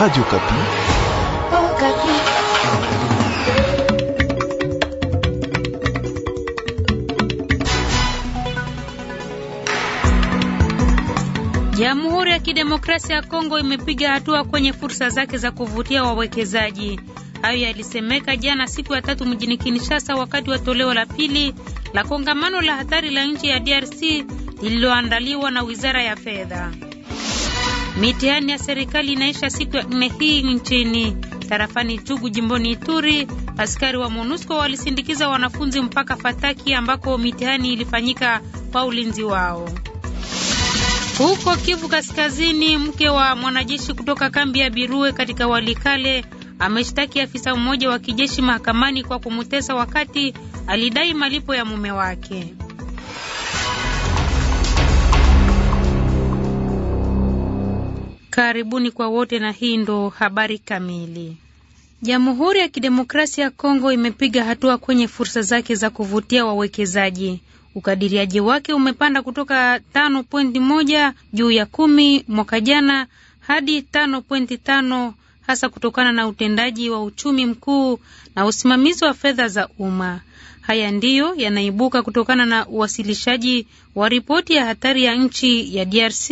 Radio Kapi. Oh, Kapi. Jamhuri ya Kidemokrasia ya Kongo imepiga hatua kwenye fursa zake za kuvutia wawekezaji. Hayo yalisemeka jana siku ya tatu mjini Kinshasa wakati wa toleo la pili la kongamano la hatari la nchi ya DRC lililoandaliwa na Wizara ya Fedha. Mitihani ya serikali inaisha siku ya nne hii nchini. Tarafani chugu jimboni Ituri, askari wa MONUSCO walisindikiza wanafunzi mpaka Fataki ambako mitihani ilifanyika kwa ulinzi wao. Huko Kivu Kaskazini, mke wa mwanajeshi kutoka kambi ya Birue katika Walikale ameshtaki afisa mmoja wa kijeshi mahakamani kwa kumutesa wakati alidai malipo ya mume wake. Karibuni kwa wote na hii ndo habari kamili. Jamhuri ya Kidemokrasia ya Kongo imepiga hatua kwenye fursa zake za kuvutia wawekezaji. Ukadiriaji wake umepanda kutoka 5.1 juu ya kumi mwaka jana hadi 5.5 hasa kutokana na utendaji wa uchumi mkuu na usimamizi wa fedha za umma. Haya ndiyo yanaibuka kutokana na uwasilishaji wa ripoti ya hatari ya nchi ya DRC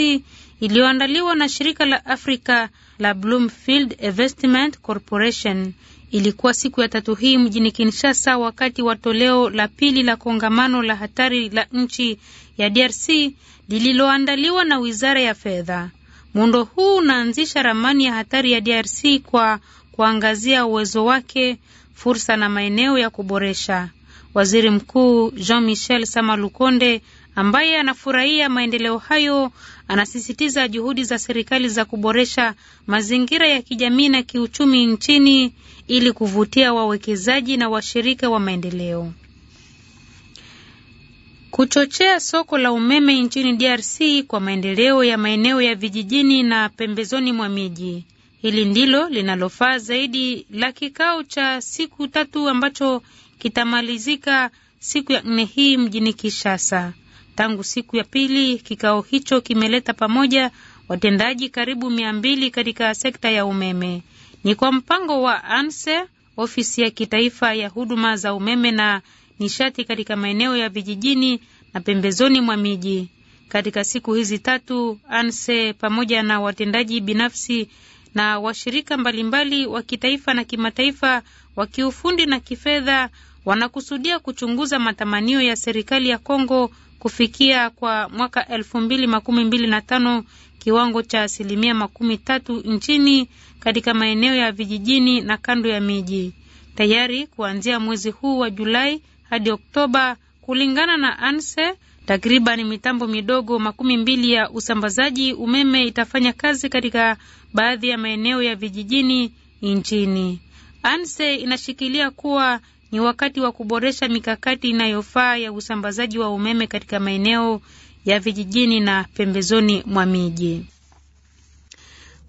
iliyoandaliwa na shirika la afrika la Bloomfield Investment Corporation. Ilikuwa siku ya tatu hii mjini Kinshasa wakati wa toleo la pili la kongamano la hatari la nchi ya DRC lililoandaliwa na Wizara ya Fedha. Muundo huu unaanzisha ramani ya hatari ya DRC kwa kuangazia uwezo wake, fursa na maeneo ya kuboresha. Waziri Mkuu Jean Michel Sama Lukonde ambaye anafurahia maendeleo hayo anasisitiza juhudi za serikali za kuboresha mazingira ya kijamii na kiuchumi nchini ili kuvutia wawekezaji na washirika wa maendeleo. Kuchochea soko la umeme nchini DRC kwa maendeleo ya maeneo ya vijijini na pembezoni mwa miji. Hili ndilo linalofaa zaidi la kikao cha siku tatu ambacho kitamalizika siku ya nne hii mjini Kinshasa. Tangu siku ya pili, kikao hicho kimeleta pamoja watendaji karibu mia mbili katika sekta ya umeme. Ni kwa mpango wa ANSE, ofisi ya kitaifa ya huduma za umeme na nishati katika maeneo ya vijijini na pembezoni mwa miji. Katika siku hizi tatu, ANSE pamoja na watendaji binafsi na washirika mbalimbali wa kitaifa na kimataifa wa kiufundi na kifedha wanakusudia kuchunguza matamanio ya serikali ya Kongo kufikia kwa mwaka elfu mbili makumi mbili na tano kiwango cha asilimia makumi tatu nchini katika maeneo ya vijijini na kando ya miji tayari kuanzia mwezi huu wa Julai hadi Oktoba, kulingana na ANSE. Takriban mitambo midogo makumi mbili ya usambazaji umeme itafanya kazi katika baadhi ya maeneo ya vijijini nchini. ANSE inashikilia kuwa ni wakati wa kuboresha mikakati inayofaa ya usambazaji wa umeme katika maeneo ya vijijini na pembezoni mwa miji.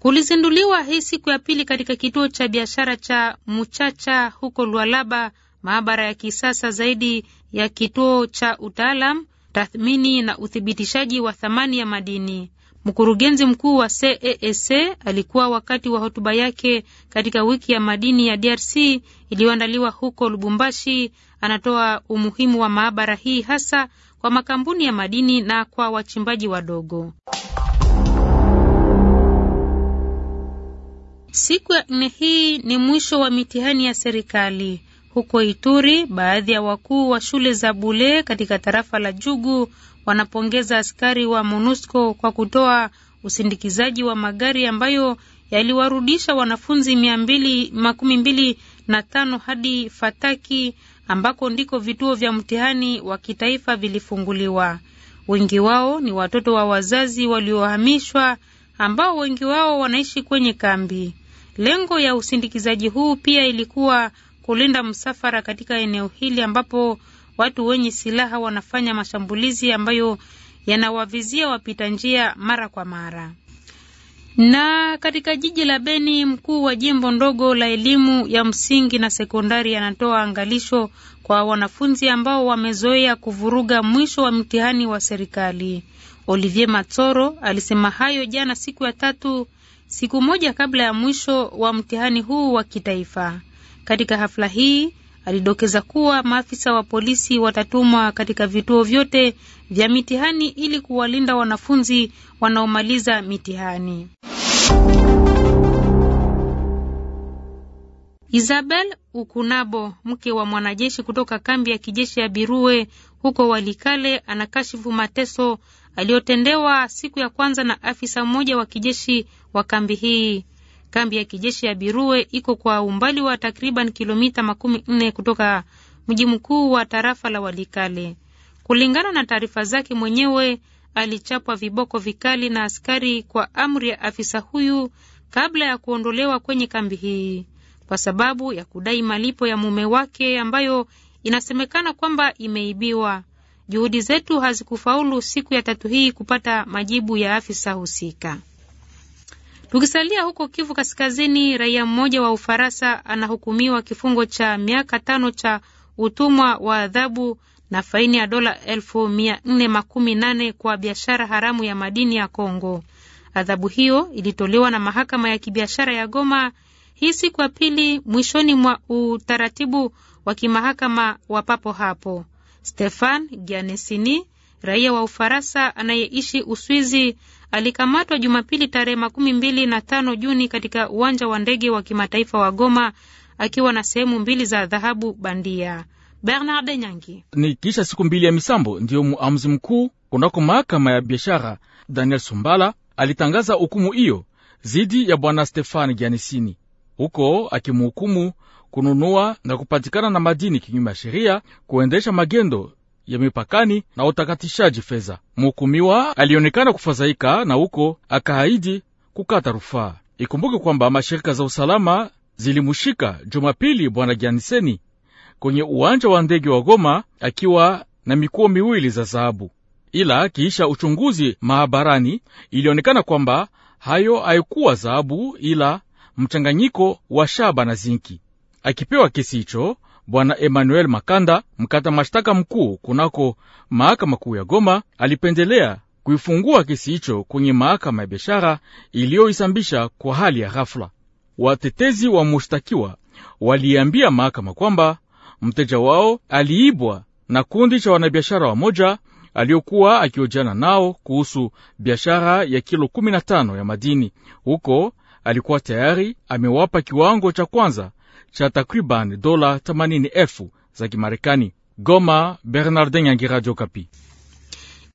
Kulizinduliwa hii siku ya pili katika kituo cha biashara cha Muchacha huko Lualaba maabara ya kisasa zaidi ya kituo cha utaalam, tathmini na uthibitishaji wa thamani ya madini. Mkurugenzi mkuu wa CEEC alikuwa wakati wa hotuba yake katika wiki ya madini ya DRC iliyoandaliwa huko Lubumbashi, anatoa umuhimu wa maabara hii hasa kwa makampuni ya madini na kwa wachimbaji wadogo. Siku ya nne hii ni mwisho wa mitihani ya serikali. Huko Ituri, baadhi ya wakuu wa shule za Bule katika tarafa la Jugu wanapongeza askari wa MONUSCO kwa kutoa usindikizaji wa magari ambayo yaliwarudisha wanafunzi mia mbili makumi mbili na tano hadi Fataki ambako ndiko vituo vya mtihani wa kitaifa vilifunguliwa. Wengi wao ni watoto wa wazazi waliohamishwa ambao wengi wao wanaishi kwenye kambi. Lengo ya usindikizaji huu pia ilikuwa kulinda msafara katika eneo hili ambapo watu wenye silaha wanafanya mashambulizi ambayo yanawavizia wapita njia mara kwa mara. Na katika jiji la Beni, mkuu wa jimbo ndogo la elimu ya msingi na sekondari anatoa angalisho kwa wanafunzi ambao wamezoea kuvuruga mwisho wa mtihani wa serikali. Olivier matsoro alisema hayo jana siku ya tatu, siku moja kabla ya mwisho wa mtihani huu wa kitaifa. Katika hafla hii Alidokeza kuwa maafisa wa polisi watatumwa katika vituo vyote vya mitihani ili kuwalinda wanafunzi wanaomaliza mitihani. Isabel Ukunabo, mke wa mwanajeshi kutoka kambi ya kijeshi ya Birue huko Walikale, anakashifu mateso aliyotendewa siku ya kwanza na afisa mmoja wa kijeshi wa kambi hii. Kambi ya kijeshi ya Birue iko kwa umbali wa takriban kilomita makumi nne kutoka mji mkuu wa tarafa la Walikale. Kulingana na taarifa zake mwenyewe, alichapwa viboko vikali na askari kwa amri ya afisa huyu kabla ya kuondolewa kwenye kambi hii kwa sababu ya kudai malipo ya mume wake ambayo inasemekana kwamba imeibiwa. Juhudi zetu hazikufaulu siku ya tatu hii kupata majibu ya afisa husika. Tukisalia huko Kivu Kaskazini, raia mmoja wa Ufaransa anahukumiwa kifungo cha miaka tano cha utumwa wa adhabu na faini ya dola elfu mia nne makumi nane kwa biashara haramu ya madini ya Kongo. Adhabu hiyo ilitolewa na mahakama ya kibiashara ya Goma hii siku ya pili mwishoni mwa utaratibu wa kimahakama wa papo hapo. Stefan Gianesini, raia wa Ufaransa anayeishi Uswizi, alikamatwa Jumapili tarehe makumi mbili na tano Juni katika uwanja wa ndege wa kimataifa wa Goma akiwa na sehemu mbili za dhahabu bandia. Bernard Nyangi. Ni kisha siku mbili ya misambo ndiyo muamuzi mkuu kunako mahakama ya biashara Daniel Sumbala alitangaza hukumu hiyo zidi ya bwana Stefani Gianisini, huko akimuhukumu kununua na kupatikana na madini kinyume ya sheria, kuendesha magendo ya mipakani na utakatishaji fedha. Mhukumiwa alionekana kufadhaika na huko akaahidi kukata rufaa. Ikumbuke kwamba mashirika za usalama zilimushika Jumapili bwana Gianiseni kwenye uwanja wa ndege wa Goma akiwa na mikuo miwili za zahabu ila kiisha uchunguzi maabarani ilionekana kwamba hayo haikuwa zahabu ila mchanganyiko wa shaba na zinki. Akipewa kesi hicho, Bwana Emmanuel Makanda, mkata mashtaka mkuu kunako mahakama kuu ya Goma, alipendelea kuifungua kesi hicho kwenye mahakama ya biashara iliyoisambisha kwa hali ya ghafla. Watetezi wa mushtakiwa waliambia mahakama kwamba mteja wao aliibwa na kundi cha wanabiashara wamoja aliyokuwa akiojana nao kuhusu biashara ya kilo 15 ya madini. Huko alikuwa tayari amewapa kiwango cha kwanza cha takriban dola 80,000 za Kimarekani. Goma, Bernardin Nyangi, Radio Kapi.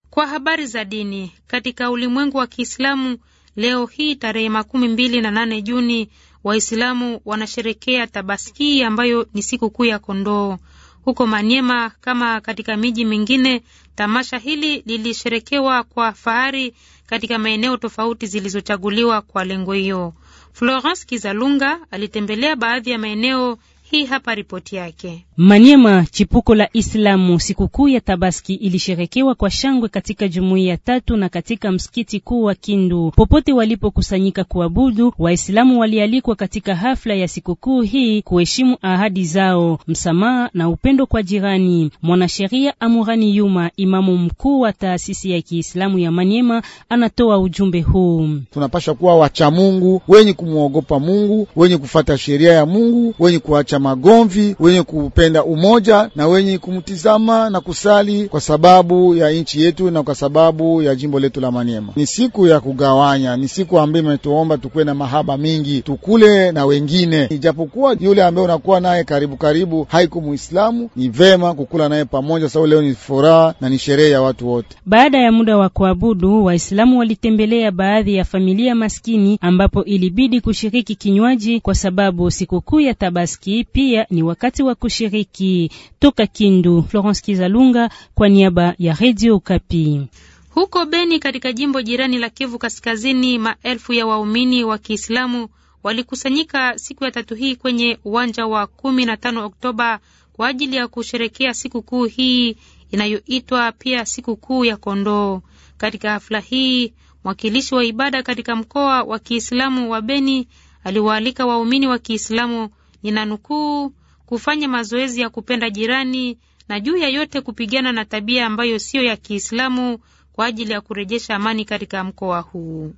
Kwa habari za dini katika ulimwengu wa Kiislamu leo hii tarehe makumi mbili na nane Juni, Waislamu wanasherekea Tabaski ambayo ni siku kuu ya kondoo. Huko manyema kama katika miji mingine, tamasha hili lilisherekewa kwa fahari katika maeneo tofauti zilizochaguliwa kwa lengo hiyo. Florence Kizalunga alitembelea baadhi ya maeneo hii hapa ripoti yake. Maniema, chipuko la Islamu. Sikukuu ya Tabaski ilisherekewa kwa shangwe katika jumuiya tatu na katika msikiti kuu wa Kindu. Popote walipokusanyika kuabudu, Waislamu walialikwa katika hafla ya sikukuu hii kuheshimu ahadi zao, msamaha na upendo kwa jirani. Mwanasheria Amurani Yuma, imamu mkuu wa taasisi ya Kiislamu ya Maniema, anatoa ujumbe huu: tunapasha kuwa wachamungu Mungu, wenye kumwogopa Mungu, wenye kufata sheria ya Mungu, wenye kuacha magomvi, wenye kupenda umoja na wenye kumtizama na kusali kwa sababu ya nchi yetu na kwa sababu ya jimbo letu la Maniema. Ni siku ya kugawanya, ni siku ambayo imetuomba tukuwe na mahaba mingi, tukule na wengine, ijapokuwa yule ambaye unakuwa naye karibu karibu haiku Muislamu, ni vema kukula naye pamoja, sababu leo ni furaha na ni sherehe ya watu wote. Baada ya muda wa kuabudu, Waislamu walitembelea baadhi ya familia maskini ambapo ilibidi kushiriki kinywaji kwa sababu sikukuu ya Tabaski pia ni wakati wa kushiriki. Toka Kindu, Florence Kizalunga kwa niaba ya Radio Kapi. Huko Beni katika jimbo jirani la Kivu Kaskazini, maelfu ya waumini wa Kiislamu walikusanyika siku ya tatu hii kwenye uwanja wa kumi na tano Oktoba kwa ajili ya kusherekea siku kuu hii inayoitwa pia siku kuu ya kondoo. Katika hafla hii, mwakilishi wa ibada katika mkoa wa Kiislamu wa Beni aliwaalika waumini wa Kiislamu ninanukuu, kufanya mazoezi ya kupenda jirani na juu ya yote kupigana na tabia ambayo siyo ya Kiislamu kwa ajili ya kurejesha amani katika mkoa huu.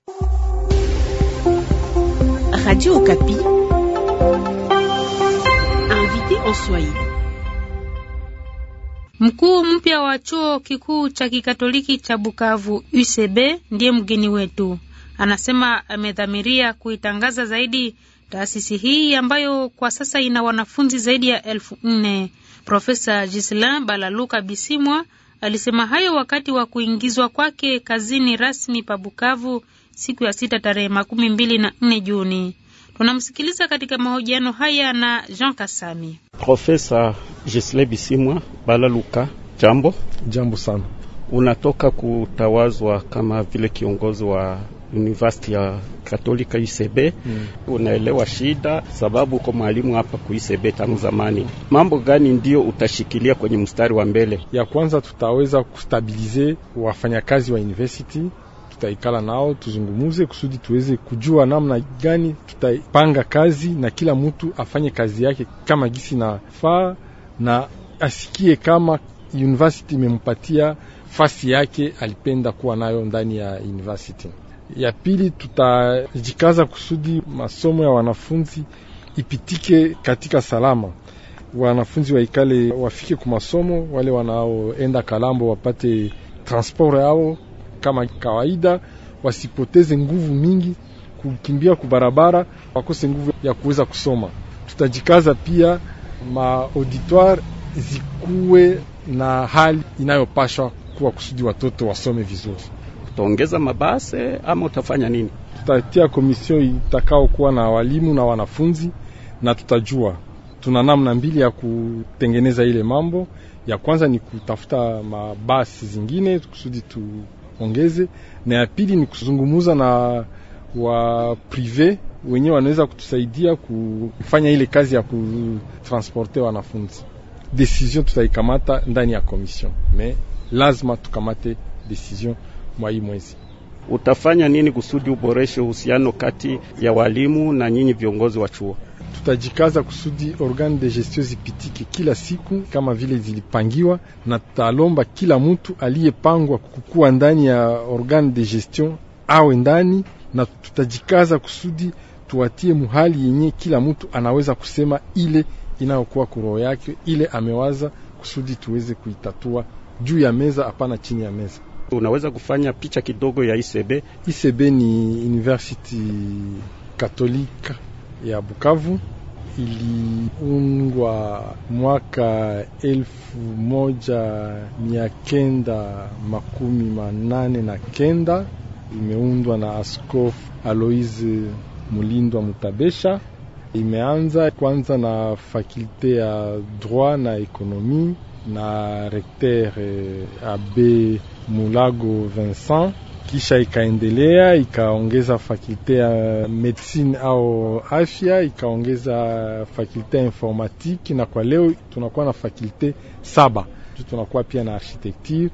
Radio Okapi. Mkuu mpya wa chuo kikuu cha kikatoliki cha Bukavu UCB ndiye mgeni wetu. Anasema amedhamiria kuitangaza zaidi Taasisi hii ambayo kwa sasa ina wanafunzi zaidi ya elfu nne. Profesa Giselin Balaluka Bisimwa alisema hayo wakati wa kuingizwa kwake kazini rasmi pa Bukavu siku ya sita tarehe makumi mbili na nne Juni. Tunamsikiliza katika mahojiano haya na Jean Kasami. Profesa Giselin Bisimwa Balaluka, jambo. Jambo sana. Unatoka kutawazwa kama vile kiongozi wa University ya Katolika ICB mm. Unaelewa shida sababu uko mwalimu hapa ku ICB tangu zamani. Mambo gani ndio utashikilia kwenye mstari wa mbele? Ya kwanza tutaweza kustabilize wafanyakazi wa university tutaikala nao tuzungumuze, kusudi tuweze kujua namna gani tutapanga kazi na kila mtu afanye kazi yake kama gisi nafaa, na asikie kama university imempatia fasi yake alipenda kuwa nayo ndani ya university. Ya pili, tutajikaza kusudi masomo ya wanafunzi ipitike katika salama, wanafunzi waikale, wafike ku masomo. Wale wanaoenda Kalambo wapate transport yao kama kawaida, wasipoteze nguvu mingi kukimbia kubarabara, wakose nguvu ya kuweza kusoma. Tutajikaza pia ma auditoire zikuwe na hali inayopashwa kuwa kusudi watoto wasome vizuri utaongeza mabase ama utafanya nini? Tutatia komisio itakao kuwa na walimu na wanafunzi, na tutajua tuna namna mbili ya kutengeneza ile mambo. Ya kwanza ni kutafuta mabasi zingine kusudi tuongeze, na ya pili ni kuzungumuza na wa prive wenyewe wanaweza kutusaidia kufanya ile kazi ya kutransporte wanafunzi. Decision tutaikamata ndani ya commission, me lazima tukamate decision mwa hii mwezi. Utafanya nini kusudi uboreshe uhusiano kati ya walimu na nyinyi viongozi wa chuo? Tutajikaza kusudi organe de gestion zipitike kila siku kama vile zilipangiwa, na tutalomba kila mtu aliyepangwa kukuwa ndani ya organe de gestion awe ndani, na tutajikaza kusudi tuwatie muhali yenye kila mtu anaweza kusema ile inayokuwa kuroho yake, ile amewaza kusudi tuweze kuitatua juu ya meza, hapana chini ya meza. Unaweza kufanya picha kidogo ya ICB. ICB ni University Katolika ya Bukavu, iliundwa mwaka elfu moja mia kenda makumi manane na kenda. Imeundwa na Askofu Aloise Mulindwa Mutabesha. Imeanza kwanza na fakulte ya droit na ekonomi na recteur eh, Abe Mulago Vincent, kisha ikaendelea ikaongeza fakulte ya medicine au afya, ikaongeza fakulte ya informatique, na kwa leo tunakuwa na fakulte saba. Tunakuwa pia na architecture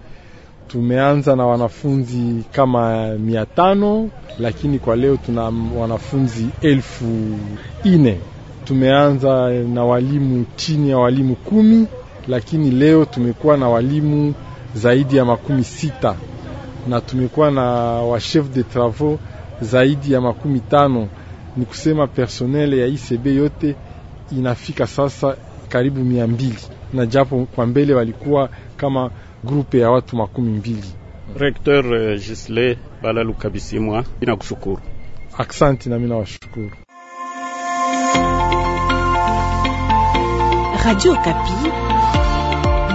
tumeanza na wanafunzi kama mia tano lakini kwa leo tuna wanafunzi elfu ine. Tumeanza na walimu chini ya walimu kumi lakini leo tumekuwa na walimu zaidi ya makumi sita na tumekuwa na chef de travaux zaidi ya makumi tano. Ni kusema personnel ya ICB yote inafika sasa karibu mia mbili na japo kwa mbele walikuwa kama grupe ya watu makumi mbili. Rektor eh, Gisle Balalukabisimwa, inakushukuru. Aksanti, nami nawashukuru. Radio Kapi.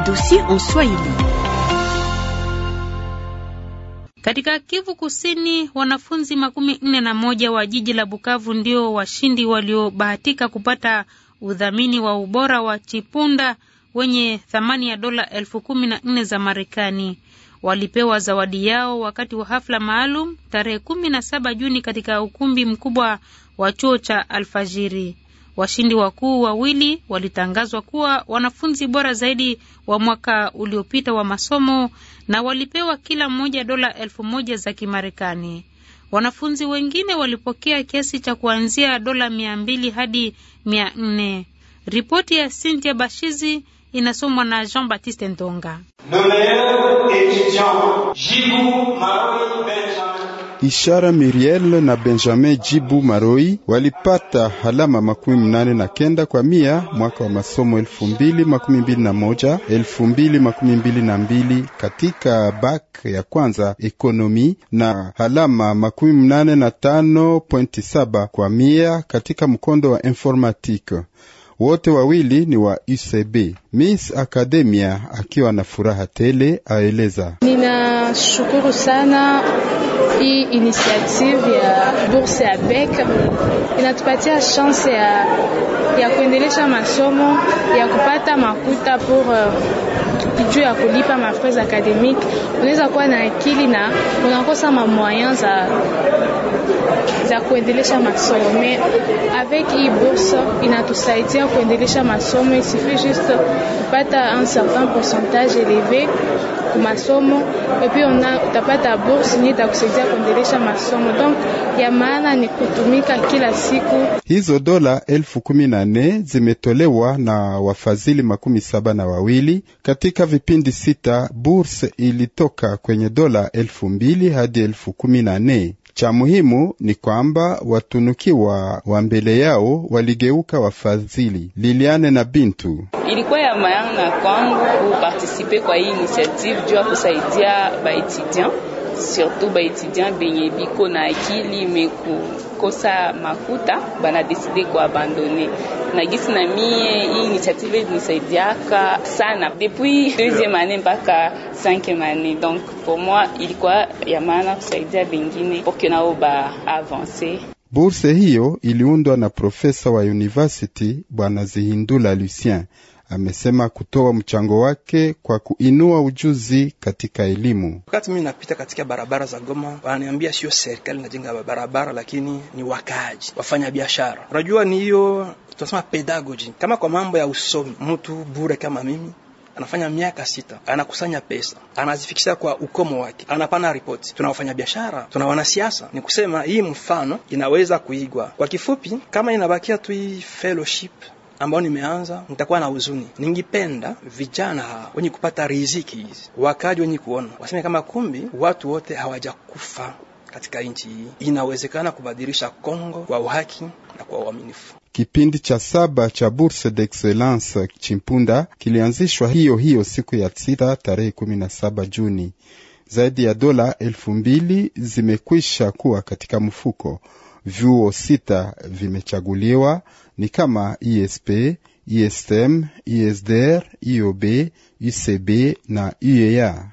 Dossier en Swahili. Katika Kivu Kusini, wanafunzi makumi nne na moja wa jiji la Bukavu ndio washindi waliobahatika kupata udhamini wa ubora wa chipunda wenye thamani ya dola elfu kumi na nne za Marekani. Walipewa zawadi yao wakati wa hafla maalum tarehe kumi na saba Juni katika ukumbi mkubwa wa chuo cha Alfajiri. Washindi wakuu wawili walitangazwa kuwa wanafunzi bora zaidi wa mwaka uliopita wa masomo na walipewa kila mmoja dola elfu moja za Kimarekani. Wanafunzi wengine walipokea kiasi cha kuanzia dola mia mbili hadi mia nne. Ripoti ya Cynthia Bashizi inasomwa na Jean Baptiste Ntonga. Ishara Miriel na Benjamin Jibu Maroi walipata alama makumi mnane na kenda kwa mia mwaka wa masomo elfu mbili makumi mbili na moja elfu mbili makumi mbili na mbili katika bak ya kwanza ekonomi na alama makumi mnane na tano pointi saba kwa mia katika mkondo wa informatike. Wote wawili ni wa UCB. Miss Academia akiwa na furaha tele aeleza: ninashukuru sana hii initiative ya bourse ya BEC inatupatia chance ya, ya kuendelesha masomo ya kupata makuta pour euh, juu ya kulipa mafrase akademike. Unaweza kuwa na akili na unakosa mamoyen za za kuendelesha masomo me avec hii bourse inatusaidia kuendelesha masomo, isifi juste kupata un certain pourcentage élevé ku masomo epi ona utapata bourse ni itakusaidia kuendelesha masomo. Donc ya maana ni kutumika kila siku. Hizo dola elfu kumi na nne zimetolewa na wafadhili makumi saba na wawili katika vipindi sita. Bourse ilitoka kwenye dola elfu mbili hadi elfu kumi na nne. Cha muhimu ni kwamba watunukiwa wa mbele yao waligeuka wafadhili. Liliane na Bintu, ilikuwa ya maana kwangu kupartisipe kwa hii initiative juu ya kusaidia baetudian surtout baetudian benye biko na akili meku kukosa makuta banadeside kuabandone na na mie hii initiative nisaidiaka sana depuis deuxième année mpaka cinquième année. Donc pour moi ilikuwa ya maana kusaidia bengine poke nao ba avance. hiyo iliundwa na profesa wa university Bwana Zihindula Lucien amesema kutoa mchango wake kwa kuinua ujuzi katika elimu. Wakati mimi napita katika barabara za Goma, wananiambia sio serikali inajenga barabara, lakini ni wakaaji, wafanya biashara. Unajua ni hiyo tunasema pedagogy. Kama kwa mambo ya usomi, mtu bure kama mimi anafanya miaka sita, anakusanya pesa, anazifikisha kwa ukomo wake, anapana ripoti. Tuna wafanyabiashara, tuna wanasiasa. Ni kusema hii mfano inaweza kuigwa. Kwa kifupi, kama inabakia tu hii fellowship ambao nimeanza nitakuwa na huzuni. Ningipenda vijana hawa wenye kupata riziki hizi wakaji wenye kuona waseme kama kumbi watu wote hawajakufa katika nchi hii, inawezekana kubadilisha Kongo kwa uhaki na kwa uaminifu. Kipindi cha saba cha Bourse d'Excellence Chimpunda kilianzishwa hiyo hiyo siku ya sita tarehe kumi na saba Juni. Zaidi ya dola elfu mbili zimekwisha kuwa katika mfuko. Vyuo sita vimechaguliwa ni kama ISP, ISM, ISDR, IOB, ICB na UEA.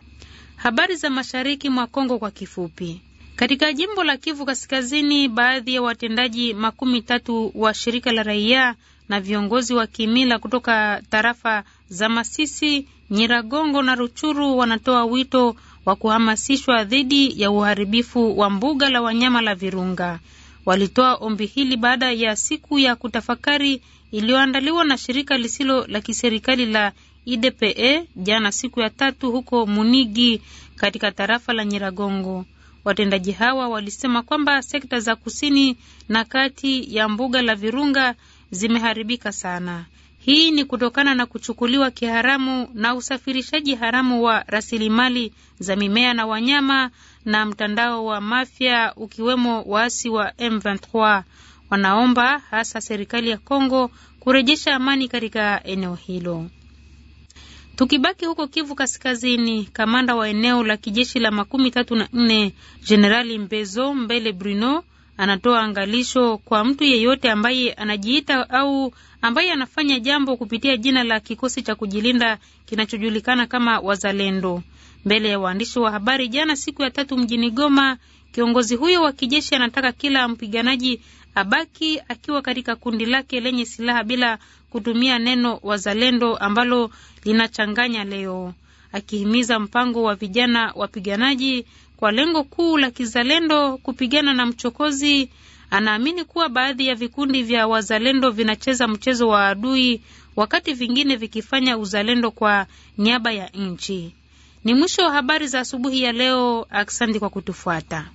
Habari za mashariki mwa Kongo kwa kifupi. Katika jimbo la Kivu Kaskazini, baadhi ya watendaji makumi tatu wa shirika la raia na viongozi wa kimila kutoka tarafa za Masisi, Nyiragongo na Ruchuru wanatoa wito wa kuhamasishwa dhidi ya uharibifu wa mbuga la wanyama la Virunga. Walitoa ombi hili baada ya siku ya kutafakari iliyoandaliwa na shirika lisilo la kiserikali la IDPE jana siku ya tatu huko Munigi katika tarafa la Nyiragongo. Watendaji hawa walisema kwamba sekta za kusini na kati ya mbuga la Virunga zimeharibika sana. Hii ni kutokana na kuchukuliwa kiharamu na usafirishaji haramu wa rasilimali za mimea na wanyama na mtandao wa mafya ukiwemo waasi wa M23. Wanaomba hasa serikali ya Kongo kurejesha amani katika eneo hilo. Tukibaki huko Kivu Kaskazini, kamanda wa eneo la kijeshi la makumi tatu na nne Jenerali Mbezo Mbele Bruno anatoa angalisho kwa mtu yeyote ambaye anajiita au ambaye anafanya jambo kupitia jina la kikosi cha kujilinda kinachojulikana kama Wazalendo. Mbele ya waandishi wa habari jana siku ya tatu mjini Goma, kiongozi huyo wa kijeshi anataka kila mpiganaji abaki akiwa katika kundi lake lenye silaha bila kutumia neno wazalendo ambalo linachanganya leo, akihimiza mpango wa vijana wapiganaji kwa lengo kuu la kizalendo kupigana na mchokozi. Anaamini kuwa baadhi ya vikundi vya wazalendo vinacheza mchezo wa adui, wakati vingine vikifanya uzalendo kwa niaba ya nchi. Ni mwisho wa habari za asubuhi ya leo. Asante kwa kutufuata.